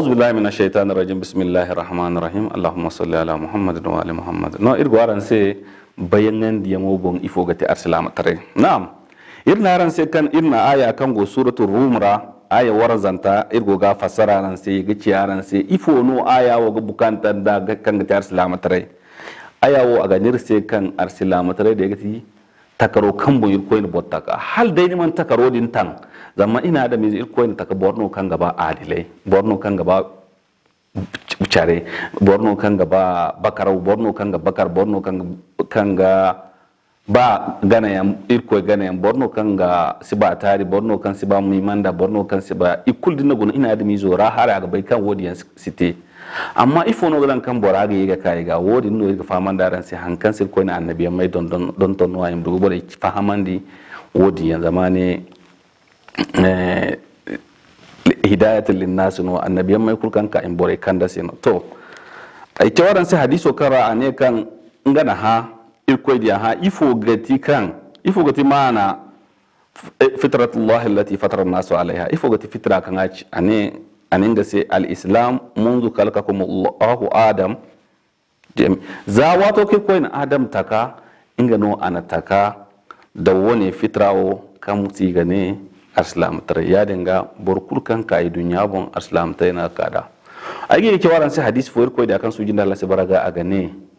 a'udhu billahi minash shaitanir rajim bismillahir rahmanir rahim allahumma salli ala muhammadin wa bayanan diya mo na'am irna ran se kan irna aya kan go suratul rumra aya warazanta irgo ga fasara ran se ga ciyaran se ifo no aya wo ga bukantan da kan gati arsalama tare aya wo aga nirse da gati takaro kan bu ni botta ka hal dai ni man takaro din tan zamma ina da yirko ni taka borno kan gaba adilai borno kan gaba Bucare, borno kan gaba bakarau borno kan ga bakar borno kan ga ba ganayen irko ganayen borno kan ga si ba tari borno kan si ba muhimman da borno kan si ba ikul dinna gun ina da mizo ra har ga bai kan wodiyan site amma ifo no gadan kan bora ga yiga kai ga wodi no yiga faman ran si hankan sir ko ina annabi mai don don don don wa im dugo bai fahaman di wodiyan zamane eh hidayatul linnas no annabi mai kulkan ka in bore kan da Sino. no to ai tawaran si hadiso kara ne kan ngana ha ikwedi ha ifo gati kan ifo gati mana eh, fitratullah allati fatara an alaiha ifo gati fitra kan aci ane anin da sai al mundu kalkakum Allahu adam za wato ke koyin adam taka inga no ana taka da wani fitrawo kan mutu gane aslam tare ya dinga burkul kan kai dunya bon aslam tare na kada age yake waran sai hadisi foyar koyi da kan su jin Allah sai baraga a gane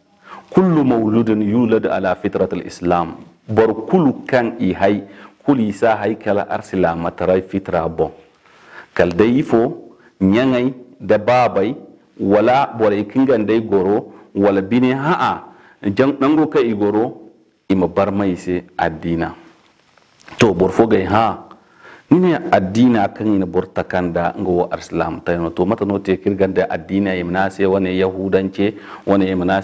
kullu mauludin yulad ala fitratul islam bar kulu kan ihai kuli sa haikala kala arsila matarai fitra bo kal dai fo nyangai da babai wala bore kingan dai goro wala bini ha'a jan dango ka i goro ima bar mai se addina to bor fo gai ha nine addina kan ina bor takanda nga wo arslam tayno to mata no te kirgan da addina imna se wane yahudance wane imna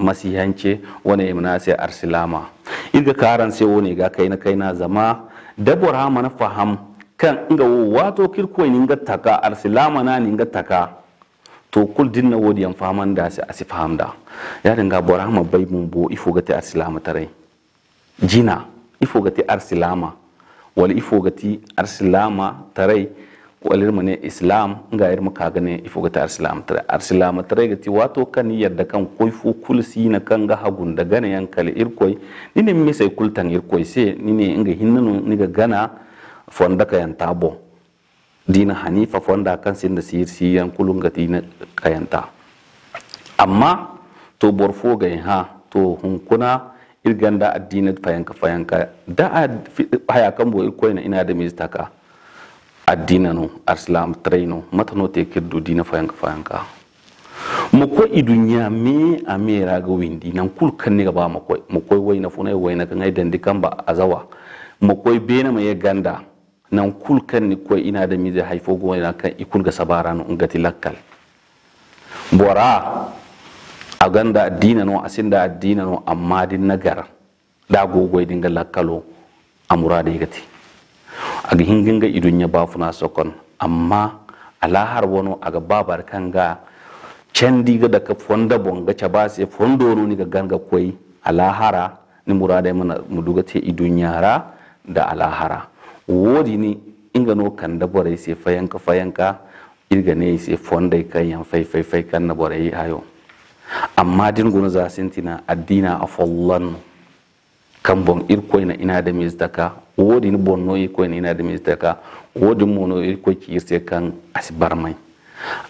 masihance wani imna sai arsilama iga karan sai wani ga kai na kai na zama dabbar ha mana faham kan inga wato kirko ga taka arsilama na ga taka to kul dinna wodi yan faman da se asi da. ya dinga bora ma bai mun bo ifo ga ta arsilama tare jina ifo ga ta arsilama wal ifo ga ta arsilama tare mu ne islam nga ir maka gane ifoga ta islam tra islam tra ga ti wato kan yadda kan koi fu kulsi na kan ga hagun da gane yan kale ir koi nini mi sai kultan ir koi se ne nga hinnanu ni ga gana fonda ka yan tabo dina hanifa fonda kan sin da sir si yan kulun ga dina kayanta amma to borfo ga ha to hunkuna irganda addinin fayanka fayanka da haya kan bo ir koi na ina da mistaka addinanu arsilam traino matano te keddo dina fayanka fayanka ko idunya me a me raga windi nan kul kan ne gaba makoi ko waina funa waina kan ai dandi kan ba azawa be na mai ganda nan kul kan ni koi ina da mi da haifo go ina kan ikul ga sabara no ngati lakkal bora a ganda addina no da addina no amma din nagara da gogoi dinga lakkalo amura da yake aga hinginga idunya funa sokon amma alahar wani aga babar kanga candi ga daga fonda bonga ca ba sai fondo no ni ga ganga koi alahara ni murada mana muduga te idunyara da alahara wodi ni inga no da bore sai fayanka fayanka irga ne sai fonda kan yan fai fai fai kan na bore ayo amma din gona za sintina addina afallan kan bon na ina da miztaka wodi ni bonno yi ko ni na da minister ka wodi mono yi ko ki se kan asibar mai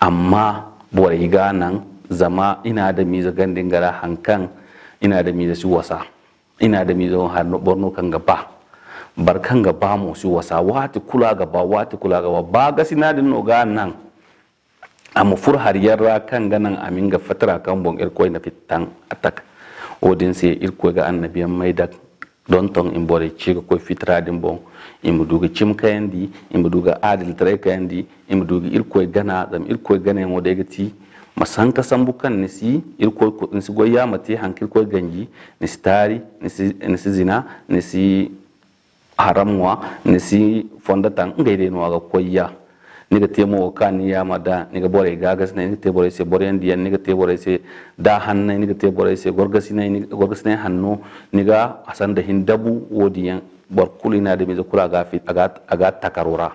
amma bore iga nan zama ina da mi za gandin gara hankan ina da mi su wasa ina da mi za har borno kan gaba barkan gaba mu su wasa wati kula gaba wati kula gaba ba ga sinadin no ga nan amma fur har yarra kan ganan amin ga fatara kan bon irkoi na fitan atak odin sai irkoi ga annabiyan maidak don ton in bore ci ko fitradin bon in mu duga cim kayandi in mu duga adil tare kayandi in mu duga irkoy gana zam irkoy gana mo daga ti masanka ka san bukan nisi irkoy ko si goya mate hankil koy ganji si tari nisi si zina nisi haramwa nisi fondatan ngai de no ga koyya niga temo kan ya da niga bore gagas ne niga te bore se bore ndiya niga te bore se da hanne niga te bore se gorgasi ne gorgasi ne hanno niga asan da hindabu yan bor kulina da miza kula gafi aga aga takarura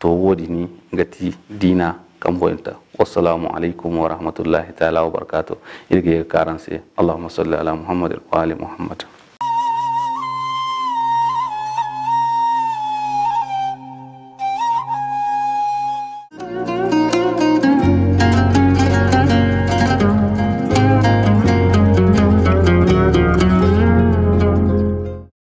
to wodi ni ngati dina kan boyinta wassalamu alaikum wa rahmatullahi ta'ala wa barakatuh irge karanse allahumma salli ala muhammad wa ali muhammad